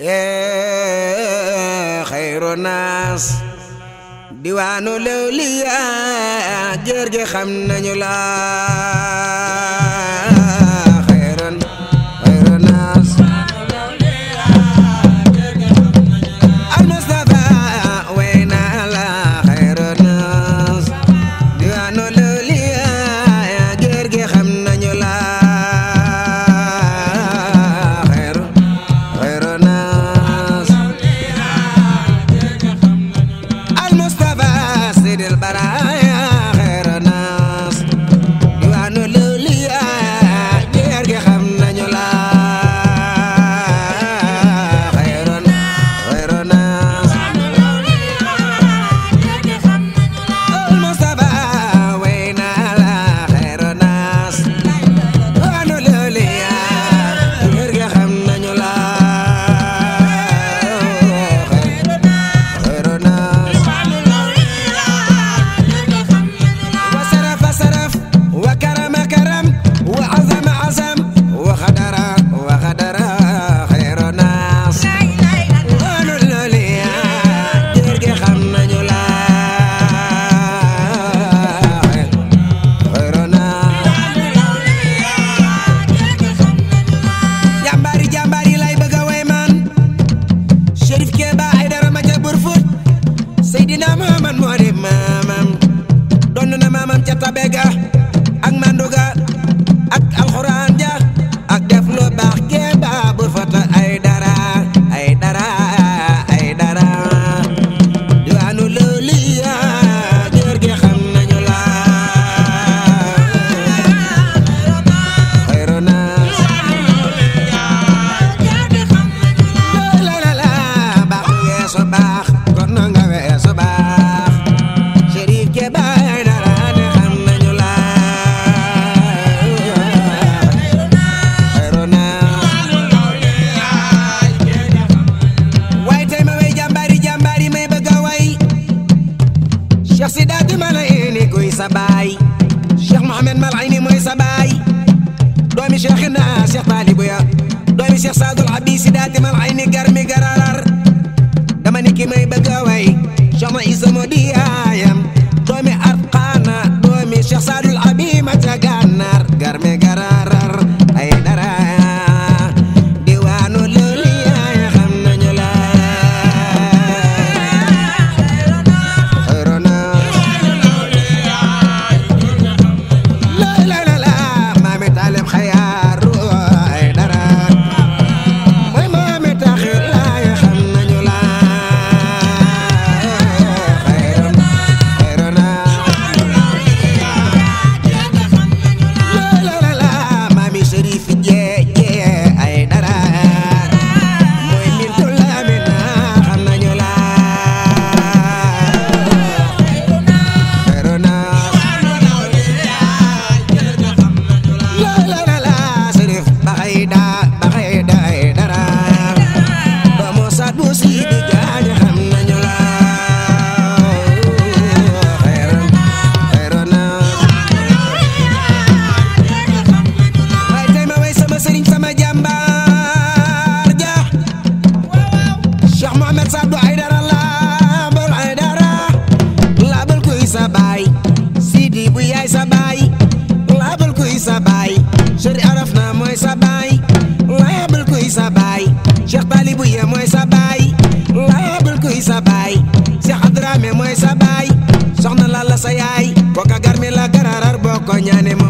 ee xayru naas diwaanu lawliyaa jër gi xam nañu la yaa maaman moo di maamam donn na maamam ca tabega صباي شيخ محمد ملعيني موي صباي دومي شيخنا شيخ طالب يا دومي شيخ سعد العبيسي داتي ملعيني قرمي قرمي Konyane